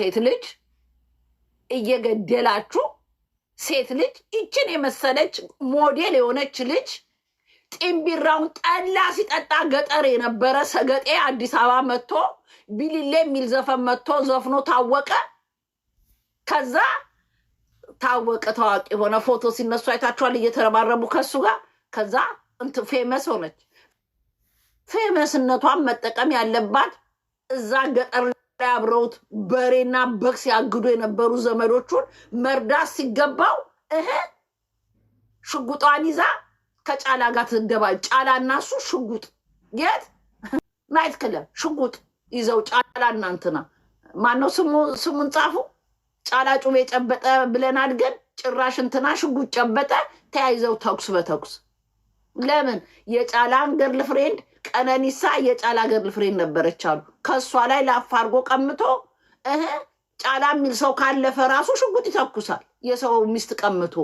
ሴት ልጅ እየገደላችሁ ሴት ልጅ ይችን የመሰለች ሞዴል የሆነች ልጅ ጢምቢራውን ጠላ ሲጠጣ ገጠር የነበረ ሰገጤ አዲስ አበባ መጥቶ ቢሊሌ የሚል ዘፈን መጥቶ ዘፍኖ ታወቀ። ከዛ ታወቀ ታዋቂ የሆነ ፎቶ ሲነሱ አይታችኋል፣ እየተረባረቡ ከሱ ጋር። ከዛ እንትን ፌመስ ሆነች። ፌመስነቷን መጠቀም ያለባት እዛ ገጠር አብረውት በሬና በግ ሲያግዱ የነበሩ ዘመዶቹን መርዳት ሲገባው እህ ሽጉጧን ይዛ ከጫላ ጋር ትገባ። ጫላ እናሱ ሽጉጥ የት ናይት ክለብ ሽጉጥ ይዘው ጫላ እናንትና ማነው ስሙን ጻፉ። ጫላ ጩቤ ጨበጠ ብለን አድገን ጭራሽ እንትና ሽጉጥ ጨበጠ። ተያይዘው ተኩስ በተኩስ ለምን የጫላን ገርል ፍሬንድ ቀነኒሳ የጫላ ገርል ፍሬን ነበረች አሉ። ከእሷ ላይ ላፍ አድርጎ ቀምቶ እህ ጫላ የሚል ሰው ካለፈ ራሱ ሽጉጥ ይተኩሳል። የሰው ሚስት ቀምቶ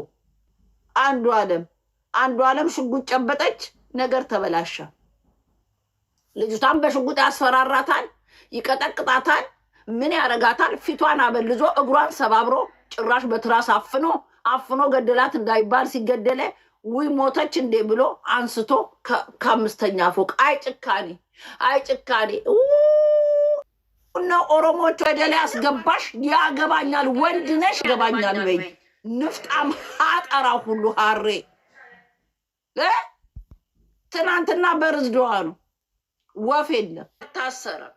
አንዱ አለም አንዱ አለም ሽጉጥ ጨበጠች፣ ነገር ተበላሻ። ልጅቷን በሽጉጥ ያስፈራራታል፣ ይቀጠቅጣታል፣ ምን ያረጋታል? ፊቷን አበልዞ እግሯን ሰባብሮ ጭራሽ በትራስ አፍኖ አፍኖ ገደላት እንዳይባል ሲገደለ ውይ ሞተች እንዴ ብሎ አንስቶ ከአምስተኛ ፎቅ። አይ ጭካኔ፣ አይ ጭካኔ እና ኦሮሞች ወደ ላይ አስገባሽ። ያገባኛል፣ ወንድ ነሽ ያገባኛል በይ። ንፍጣም አጠራ ሁሉ ሀሬ ትናንትና በርዝደዋ ነው። ወፍ የለም አልታሰረም፣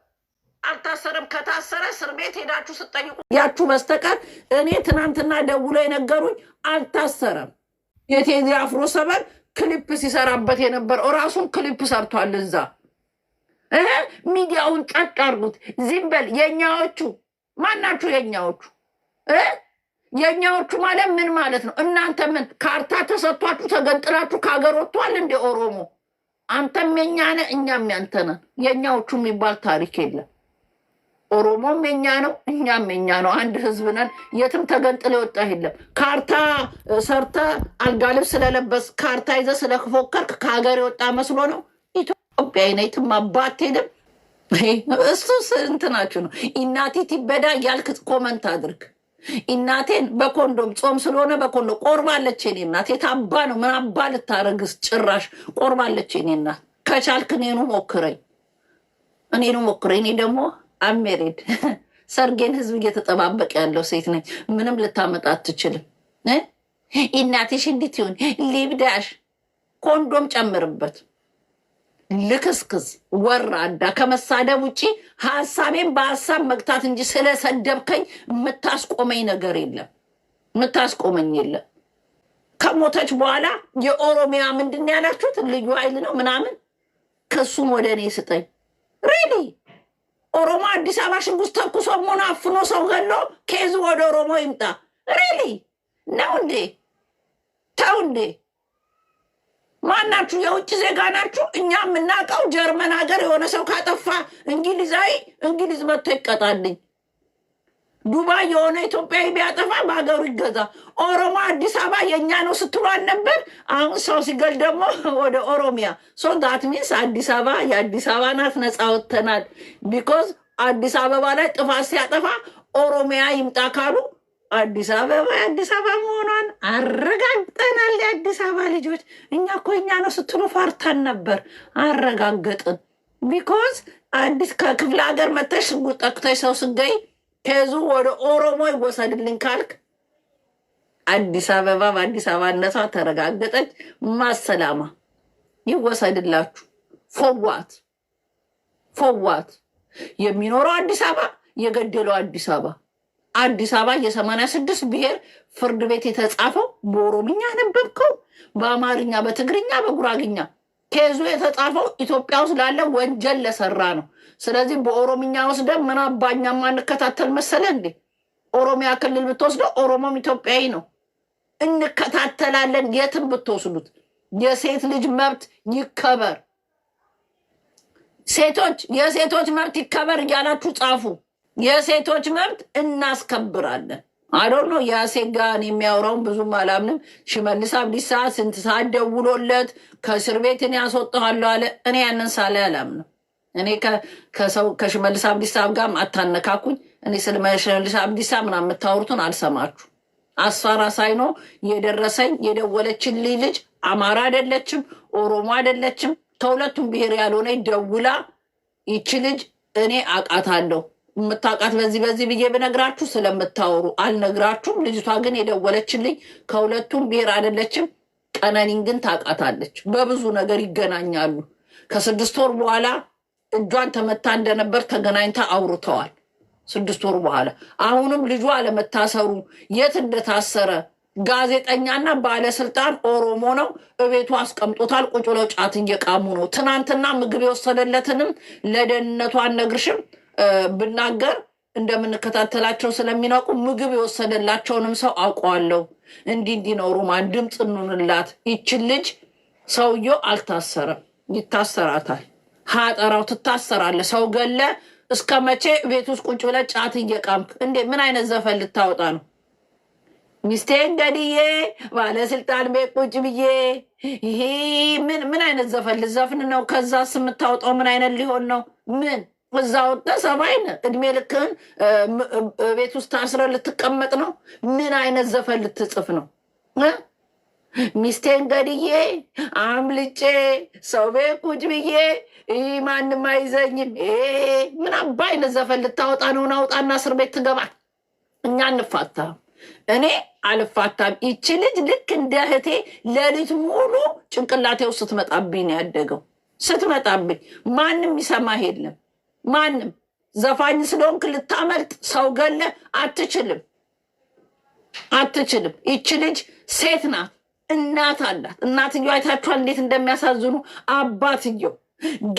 አልታሰረም። ከታሰረ እስር ቤት ሄዳችሁ ስጠይቁ ያችሁ በስተቀር እኔ ትናንትና ደውሎ የነገሩኝ አልታሰረም። የቴዲ አፍሮ ሰበል ክሊፕ ሲሰራበት የነበረው ራሱን ክሊፕ ሰርቷል። እዛ ሚዲያውን ጨቅ አርጉት። ዚምበል በል የኛዎቹ ማናችሁ? የኛዎቹ የኛዎቹ ማለት ምን ማለት ነው? እናንተ ምን ካርታ ተሰጥቷችሁ ተገንጥላችሁ ከሀገር ወጥቷል እንደ ኦሮሞ አንተም የኛነ እኛም ያንተነ የኛዎቹ የሚባል ታሪክ የለም። ኦሮሞም የኛ ነው፣ እኛም የኛ ነው። አንድ ህዝብ ነን። የትም ተገንጥለ ወጣ የለም። ካርታ ሰርተ አልጋ ልብስ ስለለበስ ካርታ ይዘ ስለፎከርክ ከሀገር የወጣ መስሎ ነው። ኢትዮጵያ የትም አባት ሄደም እሱ ስንትናችሁ ነው እናቴ ቲበዳ እያልክ ኮመንት አድርግ። እናቴን በኮንዶም ጾም ስለሆነ በኮንዶም ቆርባለች። ኔ እናት የታባ ነው ምን አባ ልታረግስ ጭራሽ ቆርባለች። ኔ እናት ከቻልክ እኔኑ ሞክረኝ፣ እኔኑ ሞክረኝ። እኔ ደግሞ አሜሬድ ሰርጌን ህዝብ እየተጠባበቀ ያለው ሴት ነኝ። ምንም ልታመጣ አትችልም። እናትሽ እንዴት ይሁን ሊብዳሽ፣ ኮንዶም ጨምርበት። ልክስክስ ወራዳ፣ ከመሳደብ ውጭ ሀሳቤን በሀሳብ መግታት እንጂ ስለሰደብከኝ የምታስቆመኝ ነገር የለም፣ የምታስቆመኝ የለም። ከሞተች በኋላ የኦሮሚያ ምንድን ያላችሁት ልዩ ኃይል ነው ምናምን፣ ከሱም ወደ እኔ ስጠኝ ሬዲ ኦሮሞ አዲስ አበባ ሽጉስ ተኩሶ ሆነ አፍኖ ሰው ገሎ ኬዝ ወደ ኦሮሞ ይምጣ? ሪሊ ነው እንዴ? ተው እንዴ! ማናችሁ? የውጭ ዜጋ ናችሁ? እኛ የምናውቀው ጀርመን ሀገር የሆነ ሰው ካጠፋ እንግሊዛዊ እንግሊዝ መጥቶ ይቀጣልኝ። ዱባይ የሆነ ኢትዮጵያዊ ቢያጠፋ በሀገሩ ይገዛ። ኦሮሞ አዲስ አበባ የእኛ ነው ስትሏን ነበር። አሁን ሰው ሲገል ደግሞ ወደ ኦሮሚያ ሶ ዳት ሚንስ አዲስ አበባ የአዲስ አበባ ናት፣ ነፃ ወጥተናል። ቢኮዝ አዲስ አበባ ላይ ጥፋት ሲያጠፋ ኦሮሚያ ይምጣ ካሉ አዲስ አበባ የአዲስ አበባ መሆኗን አረጋግጠናል። የአዲስ አበባ ልጆች እኛ እኮ እኛ ነው ስትሉ ፈርተን ነበር፣ አረጋገጥን። ቢኮዝ አዲስ ከክፍለ ሀገር መተሽ ጠቅተሽ ሰው ስገኝ ኬዙ ወደ ኦሮሞ ይወሰድልኝ ካልክ አዲስ አበባ በአዲስ አበባነቷ ተረጋገጠች። ማሰላማ ይወሰድላችሁ። ፎዋት ፎዋት የሚኖረው አዲስ አበባ የገደለው አዲስ አበባ አዲስ አበባ የሰማንያ ስድስት ብሔር ፍርድ ቤት የተጻፈው በኦሮምኛ ነበብከው፣ በአማርኛ፣ በትግርኛ፣ በጉራግኛ ኬዙ የተጻፈው ኢትዮጵያ ውስጥ ላለ ወንጀል ለሰራ ነው። ስለዚህ በኦሮምኛ ወስደን ምን አባኛ ማንከታተል መሰለ እንዴ? ኦሮሚያ ክልል ብትወስደው ኦሮሞም ኢትዮጵያዊ ነው። እንከታተላለን። የትም ብትወስዱት የሴት ልጅ መብት ይከበር፣ ሴቶች የሴቶች መብት ይከበር እያላችሁ ጻፉ። የሴቶች መብት እናስከብራለን። አዶር ነው የሴት ጋን የሚያወራውን ብዙም አላምንም። ሽመልስ አብዲሳ ስንት ሰዓት ደውሎለት ከእስር ቤትን ያስወጣዋለሁ አለ። እኔ ያንን ሳላይ አላምንም። እኔ ከሰው ከሽመልስ አብዲሳም ጋር አታነካኩኝ። እኔ ስለ ሽመልስ አብዲሳ ምና የምታወሩትን አልሰማችሁ። አስፋራ ሳይኖ የደረሰኝ የደወለችልኝ ልጅ አማራ አይደለችም፣ ኦሮሞ አይደለችም። ከሁለቱም ብሔር ያልሆነ ደውላ ይቺ ልጅ እኔ አውቃታለሁ የምታውቃት በዚህ በዚህ ብዬ ብነግራችሁ ስለምታወሩ አልነግራችሁም። ልጅቷ ግን የደወለችልኝ ከሁለቱም ብሔር አይደለችም። ቀነኒን ግን ታውቃታለች። በብዙ ነገር ይገናኛሉ። ከስድስት ወር በኋላ እጇን ተመታ እንደነበር ተገናኝታ አውርተዋል። ስድስት ወር በኋላ አሁንም ልጇ አለመታሰሩ የት እንደታሰረ ጋዜጠኛና ባለስልጣን ኦሮሞ ነው። እቤቱ አስቀምጦታል። ቁጭ ብለው ጫት እየቃሙ ነው። ትናንትና ምግብ የወሰደለትንም ለደህንነቱ አልነግርሽም ብናገር እንደምንከታተላቸው ስለሚናውቁ ምግብ የወሰደላቸውንም ሰው አውቀዋለሁ። እንዲህ እንዲህ ነው። ሩማን ድምፅ እንኑንላት። ይችን ልጅ ሰውየው አልታሰረም፣ ይታሰራታል። ሀጠራው ትታሰራለ። ሰው ገለ እስከ መቼ ቤት ውስጥ ቁጭ ብለ ጫት እየቃምክ እንዴ? ምን አይነት ዘፈን ልታወጣ ነው? ሚስቴ እንገድዬ ባለስልጣን ቤት ቁጭ ብዬ ይሄ ምን ምን አይነት ዘፈን ልዘፍን ነው? ከዛ ስምታወጣው ምን አይነት ሊሆን ነው? ምን እዛ ወጣ ሰባይን እድሜ ልክህን ቤት ውስጥ ታስረ ልትቀመጥ ነው? ምን አይነት ዘፈን ልትጽፍ ነው? ሚስቴን ገድዬ አምልጬ ሰው ቤት ቁጭ ብዬ ማንም አይዘኝም ምናምን በአይነት ዘፈን ልታወጣ ነው። አውጣና እስር ቤት ትገባ። እኛ አንፋታም፣ እኔ አልፋታም። ይቺ ልጅ ልክ እንደ እህቴ ሌሊት ሙሉ ጭንቅላቴው ስትመጣብኝ ነው ያደገው። ስትመጣብኝ ማንም ይሰማህ የለም ማንም ዘፋኝ ስለሆንክ ልታመልጥ ሰው ገለ አትችልም፣ አትችልም። ይቺ ልጅ ሴት ናት። እናት አላት። እናትየው አይታችኋል እንዴት እንደሚያሳዝኑ። አባትየው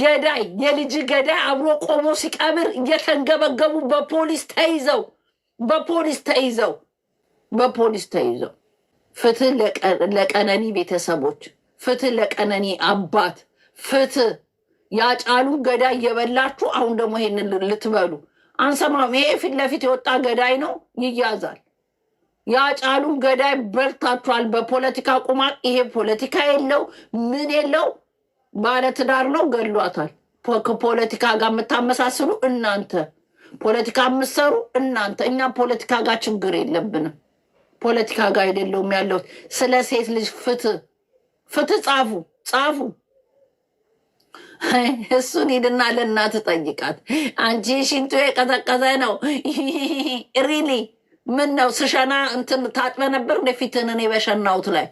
ገዳይ፣ የልጅ ገዳይ አብሮ ቆሞ ሲቀብር እየተንገበገቡ በፖሊስ ተይዘው በፖሊስ ተይዘው በፖሊስ ተይዘው። ፍትህ ለቀነኒ ቤተሰቦች፣ ፍትህ ለቀነኒ አባት፣ ፍትህ ያጫሉ ገዳይ እየበላችሁ አሁን ደግሞ ይሄንን ልትበሉ አንሰማም። ይሄ ፊት ለፊት የወጣ ገዳይ ነው ይያዛል። ያጫሉን ገዳይ በርታቷል። በፖለቲካ ቁማር ይሄ ፖለቲካ የለው ምን የለው ባለትዳር ነው ገሏታል። ከፖለቲካ ጋር የምታመሳስሉ እናንተ ፖለቲካ የምትሰሩ እናንተ፣ እኛ ፖለቲካ ጋር ችግር የለብንም። ፖለቲካ ጋር አይደለውም ያለሁት። ስለ ሴት ልጅ ፍትህ ፍትህ ጻፉ ጻፉ። እሱን ሂድና ለእናት ጠይቃት። አንቺ ሽንቱ የቀዘቀዘ ነው ሪሊ ምን ነው ስሸና እንትን ታጥበ ነበር እንደ ፊትህን እኔ በሸናውት ላይ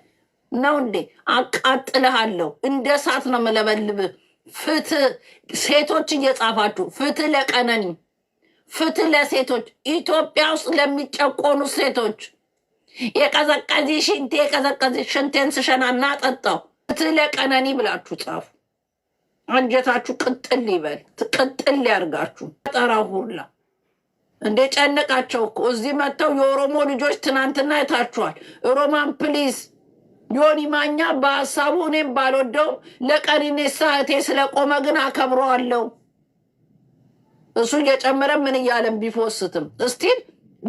ነው እንዴ? አቃጥልሃለሁ። እንደ እሳት ነው ምለበልብ ፍትህ ሴቶች እየጻፋችሁ ፍትህ ለቀነኒ፣ ፍትህ ለሴቶች ኢትዮጵያ ውስጥ ለሚጨቆኑ ሴቶች የቀዘቀዚ ሽንቴ የቀዘቀዚ ሽንቴን ስሸና እናጠጣው ፍት ፍትህ ለቀነኒ ብላችሁ ጻፉ። አንጀታችሁ ቅጥል ይበል፣ ቅጥል ያርጋችሁ ጠራ ሁላ እንደ ጨነቃቸው እኮ እዚህ መጥተው የኦሮሞ ልጆች ትናንትና አይታችኋል። ሮማን ፕሊዝ ዮኒ ማኛ በሀሳቡ እኔም ባልወደውም ለቀነኒሳ እህቴ ስለቆመ ግን አከብረዋለሁ። እሱ እየጨመረ ምን እያለን ቢፎስትም እስቲል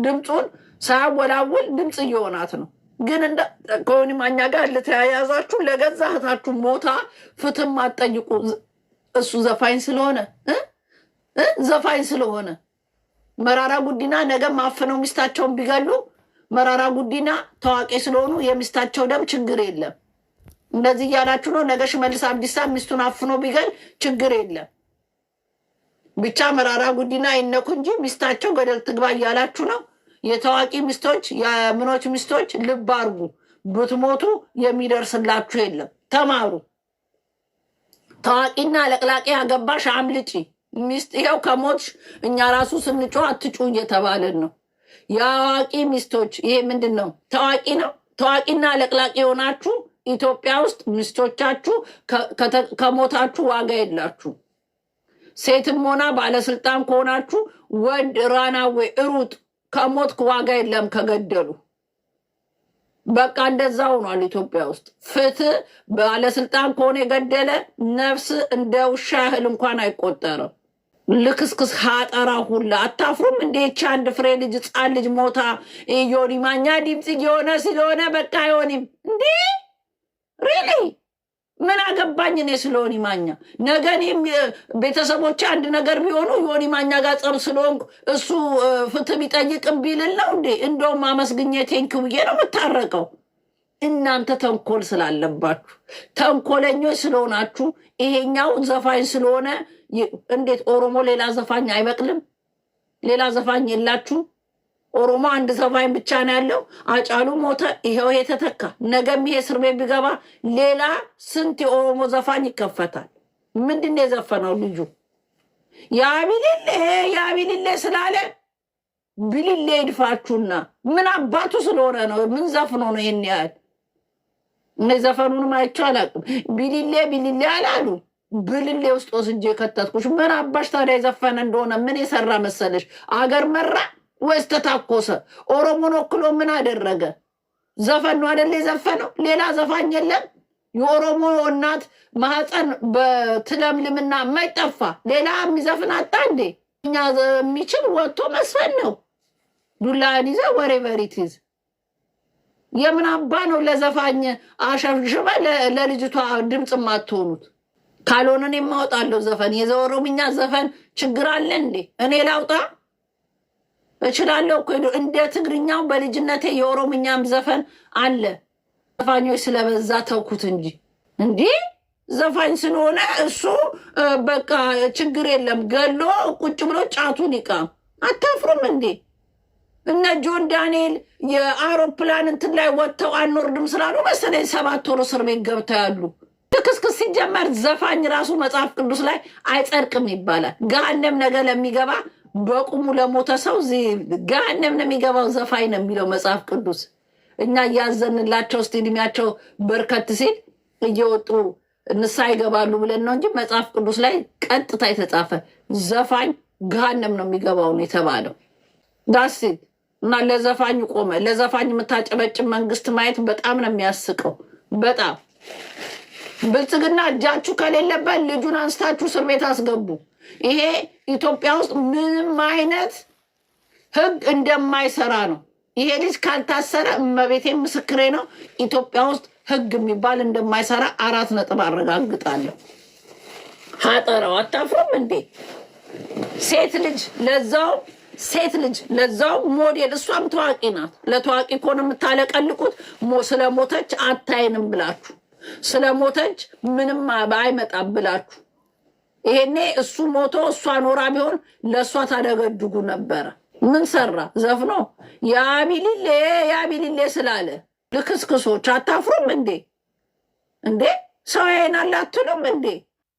ድምፁን ሳያወላውል ድምፅ እየሆናት ነው። ግን እንደ ከዮኒ ማኛ ጋር ልተያያዛችሁ ለገዛ እህታችሁ ሞታ ፍትህም አትጠይቁ። እሱ ዘፋኝ ስለሆነ ዘፋኝ ስለሆነ መራራ ጉዲና ነገ ማፍነው ሚስታቸውን ቢገሉ መራራ ጉዲና ታዋቂ ስለሆኑ የሚስታቸው ደም ችግር የለም። እንደዚህ እያላችሁ ነው። ነገ ሽመልስ አብዲሳ ሚስቱን አፍኖ ቢገል ችግር የለም። ብቻ መራራ ጉዲና ይነኩ እንጂ ሚስታቸው ገደል ትግባ እያላችሁ ነው። የታዋቂ ሚስቶች፣ የምኖች ሚስቶች ልብ አርጉ። ብትሞቱ የሚደርስላችሁ የለም። ተማሩ። ታዋቂና ለቅላቂ አገባሽ አምልጪ ሚስት ይኸው ከሞትሽ እኛ ራሱ ስንጮ አትጩ እየተባለን ነው። የአዋቂ ሚስቶች ይሄ ምንድን ነው? ታዋቂ ነው። ታዋቂና ለቅላቂ የሆናችሁ ኢትዮጵያ ውስጥ ሚስቶቻችሁ ከሞታችሁ ዋጋ የላችሁ። ሴትም ሆና ባለስልጣን ከሆናችሁ ወንድ ራናዌ እሩጥ፣ ከሞት ዋጋ የለም ከገደሉ በቃ እንደዛ ሆኗል። ኢትዮጵያ ውስጥ ፍትህ ባለስልጣን ከሆነ የገደለ ነፍስ እንደ ውሻ ያህል እንኳን አይቆጠርም። ልክስክስ ሀጠራ ሁላ አታፍሩም እንዴ? ይቺ አንድ ፍሬ ልጅ ህፃን ልጅ ሞታ ዮኒ ማኛ ድምፅ የሆነ ስለሆነ በቃ አይሆንም እንዴ? ሪሊ ምን አገባኝ እኔ ስለ ዮኒ ማኛ። ነገ እኔም ቤተሰቦች አንድ ነገር ቢሆኑ ዮኒ ማኛ ጋር ጸብ ስለሆንኩ እሱ ፍትህ ቢጠይቅም ቢልል ነው እንዴ? እንደውም አመስግኜ ቴንኪ ብዬ ነው የምታረቀው። እናንተ ተንኮል ስላለባችሁ ተንኮለኞች ስለሆናችሁ ይሄኛው ዘፋኝ ስለሆነ እንዴት ኦሮሞ ሌላ ዘፋኝ አይበቅልም? ሌላ ዘፋኝ የላችሁ? ኦሮሞ አንድ ዘፋኝ ብቻ ነው ያለው። አጫሉ ሞተ፣ ይኸው የተተካ። ነገም ይሄ እስር ቤት ቢገባ ሌላ ስንት የኦሮሞ ዘፋኝ ይከፈታል። ምንድን ነው የዘፈነው ልጁ? የአቢልሌ የአቢልሌ ስላለ ብልሌ ይድፋችሁና፣ ምን አባቱ ስለሆነ ነው? ምን ዘፍኖ ነው ይህን ያህል? ዘፈኑንም አይቼው አላውቅም። ቢልሌ ቢልሌ አላሉም። ብልሌ ውስጥ ወስጄ የከተትኩሽ ምን አባሽ ታዲያ የዘፈነ እንደሆነ ምን የሰራ መሰለሽ? አገር መራ ወይስ ተታኮሰ? ኦሮሞን ወክሎ ምን አደረገ? ዘፈን ነው አደለ የዘፈነው? ሌላ ዘፋኝ የለም? የኦሮሞ እናት ማህፀን በትለምልምና የማይጠፋ ሌላ የሚዘፍን አጣ እንዴ? እኛ የሚችል ወጥቶ መስፈን ነው። ዱላን ይዘ ወሬ በሪትዝ የምን አባ ነው ለዘፋኝ አሸብሽበ ለልጅቷ ድምፅ ማትሆኑት? ካልሆነን የማወጣለው ዘፈን የዘወሮምኛ ዘፈን ችግር አለ እንዴ? እኔ ላውጣ እችላለሁ እኮ እንደ ትግርኛው በልጅነቴ የኦሮምኛም ዘፈን አለ። ዘፋኞች ስለበዛ ተውኩት እንጂ እንዲህ ዘፋኝ ስለሆነ እሱ በቃ ችግር የለም ገሎ ቁጭ ብሎ ጫቱን ይቃም። አታፍሩም እንዴ? እነ ጆን ዳንኤል የአውሮፕላን እንትን ላይ ወጥተው አንወርድም ስላሉ መሰለኝ ሰባት ወር እስር ቤት ገብተው ያሉ ትክስክስ ሲጀመር ዘፋኝ ራሱ መጽሐፍ ቅዱስ ላይ አይጸድቅም ይባላል። ገሃነም ነገ ለሚገባ በቁሙ ለሞተ ሰው ገሃነም ለሚገባው የሚገባው ዘፋኝ ነው የሚለው መጽሐፍ ቅዱስ። እኛ እያዘንላቸው ስ እድሜያቸው በርከት ሲል እየወጡ ንሳ ይገባሉ ብለን ነው እንጂ መጽሐፍ ቅዱስ ላይ ቀጥታ የተጻፈ ዘፋኝ ገሃነም ነው የሚገባውን የተባለው ዳስ እና ለዘፋኝ ቆመ። ለዘፋኝ የምታጨበጭብ መንግስት ማየት በጣም ነው የሚያስቀው። በጣም ብልጽግና እጃችሁ ከሌለበት ልጁን አንስታችሁ እስር ቤት አስገቡ። ይሄ ኢትዮጵያ ውስጥ ምንም አይነት ህግ እንደማይሰራ ነው። ይሄ ልጅ ካልታሰረ እመቤቴ ምስክሬ ነው፣ ኢትዮጵያ ውስጥ ህግ የሚባል እንደማይሰራ አራት ነጥብ አረጋግጣለሁ። ሀጠራው አታፍርም እንዴ? ሴት ልጅ ለዛው ሴት ልጅ ለዛው ሞዴል፣ እሷም ታዋቂ ናት። ለታዋቂ ኮን የምታለቀልቁት። ስለ ሞተች አታይንም ብላችሁ ስለሞተች ምንም አይመጣም ብላችሁ ይሄኔ እሱ ሞቶ እሷ ኖራ ቢሆን ለእሷ ታደገድጉ ነበረ። ምን ሰራ ዘፍኖ የአቢሊሌ የአቢሊሌ ስላለ ልክስክሶች አታፍሩም እንዴ? እንዴ ሰው ያይናል አትሉም እንዴ?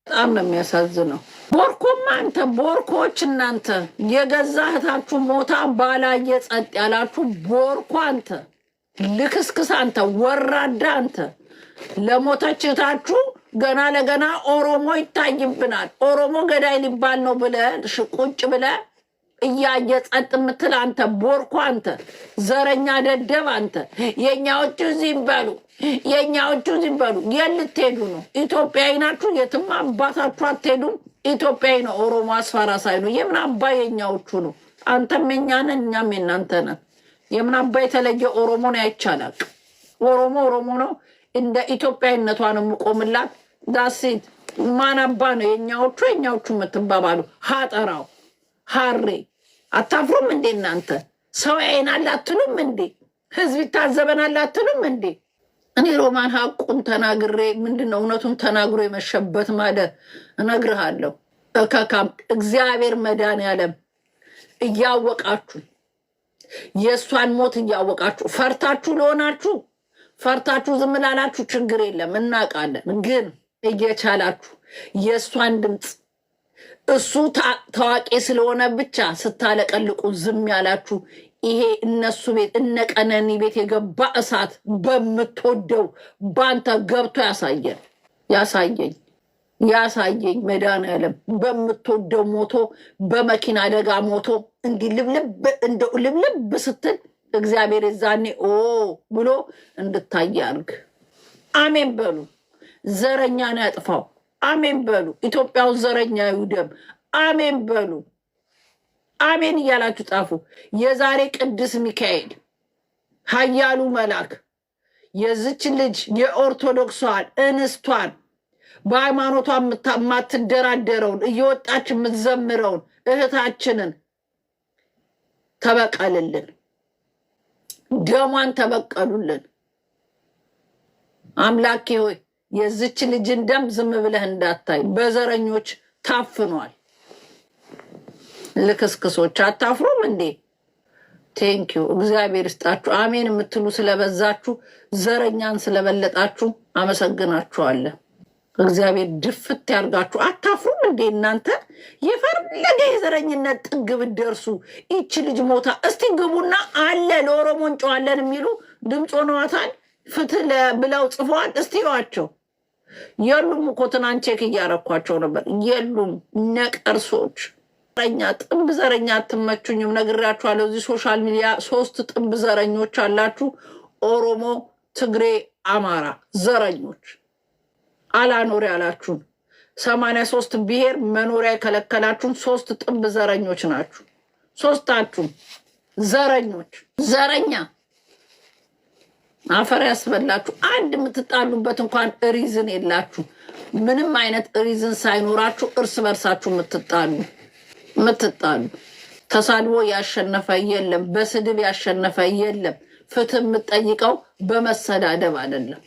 በጣም ነው የሚያሳዝነው። ቦርኮማ አንተ ቦርኮች እናንተ የገዛ እህታችሁ ሞታ ባላየ ጸጥ ያላችሁ ቦርኮ አንተ ልክስክስ አንተ ወራዳ አንተ ለሞተችታችሁ ገና ለገና ኦሮሞ ይታይብናል፣ ኦሮሞ ገዳይ ሊባል ነው ብለህ ቁጭ ብለህ እያየ ጸጥ የምትል አንተ ቦርኮ፣ አንተ ዘረኛ ደደብ፣ አንተ የእኛዎቹ እዚህ ይበሉ፣ የእኛዎቹ እዚህ ይበሉ። የት ልትሄዱ ነው? ኢትዮጵያዊ ናችሁ፣ የትም አባታችሁ አትሄዱም። ኢትዮጵያዊ ነው ኦሮሞ አስፋራ ሳይ ነው። የምን አባ የእኛዎቹ ነው። አንተም የእኛ ነን፣ እኛም የእናንተ ነን። የምን አባ የተለየ ኦሮሞ ነው ያይቻላል። ኦሮሞ ኦሮሞ ነው። እንደ ኢትዮጵያዊነቷ ነው የምቆምላት። ዳሴት ማናባ ነው የኛዎቹ የኛዎቹ የምትባባሉ ሀጠራው ሀሬ አታፍሩም እንዴ እናንተ? ሰው ያይን አላትሉም እንዴ? ህዝብ ይታዘበናል አትሉም እንዴ? እኔ ሮማን ሀቁን ተናግሬ ምንድነው እውነቱን ተናግሮ የመሸበት ማለት እነግርሃለሁ። ከካምፕ እግዚአብሔር መድኃኒዓለም እያወቃችሁ የእሷን ሞት እያወቃችሁ ፈርታችሁ ለሆናችሁ ፈርታችሁ ዝም ላላችሁ ችግር የለም እናውቃለን። ግን እየቻላችሁ የእሷን ድምፅ እሱ ታዋቂ ስለሆነ ብቻ ስታለቀልቁ ዝም ያላችሁ ይሄ እነሱ ቤት እነ ቀነኒ ቤት የገባ እሳት በምትወደው በአንተ ገብቶ ያሳየን ያሳየኝ ያሳየኝ መድኃኒዓለም በምትወደው ሞቶ በመኪና አደጋ ሞቶ እንዲህ ልብልብ እንደው ልብልብ ስትል እግዚአብሔር እዛኔ ኦ ብሎ እንድታይ አድርግ። አሜን በሉ። ዘረኛን ያጥፋው። አሜን በሉ። ኢትዮጵያው ዘረኛ ይውደም። አሜን በሉ። አሜን እያላችሁ ጻፉ። የዛሬ ቅዱስ ሚካኤል ኃያሉ መልአክ የዝች ልጅ የኦርቶዶክሷን እንስቷን በሃይማኖቷ የማትደራደረውን እየወጣች የምትዘምረውን እህታችንን ተበቀልልን። ደሟን ተበቀሉልን። አምላኬ ሆይ የዚች ልጅን ደም ዝም ብለህ እንዳታይ፣ በዘረኞች ታፍኗል። ልክስክሶች አታፍሩም እንዴ? ቴንኪዩ እግዚአብሔር ይስጣችሁ። አሜን የምትሉ ስለበዛችሁ፣ ዘረኛን ስለበለጣችሁ አመሰግናችኋለን። እግዚአብሔር ድፍት ያርጋችሁ። አታፍሩም እንዴ እናንተ የፈለገ የዘረኝነት ጥግ ብትደርሱ ይቺ ልጅ ሞታ እስቲ ግቡና አለ ለኦሮሞ እንጨዋለን የሚሉ ድምፅ ሆነዋታል። ፍትህ ብለው ጽፈዋል። እስቲ ዋቸው የሉም እኮ ትናንት ቼክ እያረኳቸው ነበር። የሉም ነቀርሶች። ዘረኛ ጥንብ ዘረኛ አትመቹኝም፣ ነግሬያችኋለሁ። እዚህ ሶሻል ሚዲያ ሶስት ጥንብ ዘረኞች አላችሁ፣ ኦሮሞ፣ ትግሬ፣ አማራ ዘረኞች አላኖር ያላችሁን ሰማንያ ሶስት ብሔር መኖሪያ የከለከላችሁን ሶስት ጥንብ ዘረኞች ናችሁ። ሶስታችሁም ዘረኞች፣ ዘረኛ አፈር ያስበላችሁ። አንድ የምትጣሉበት እንኳን ሪዝን የላችሁ። ምንም አይነት ሪዝን ሳይኖራችሁ እርስ በርሳችሁ የምትጣሉ የምትጣሉ ተሳድቦ ያሸነፈ የለም። በስድብ ያሸነፈ የለም። ፍትህ የምትጠይቀው በመሰዳደብ አይደለም።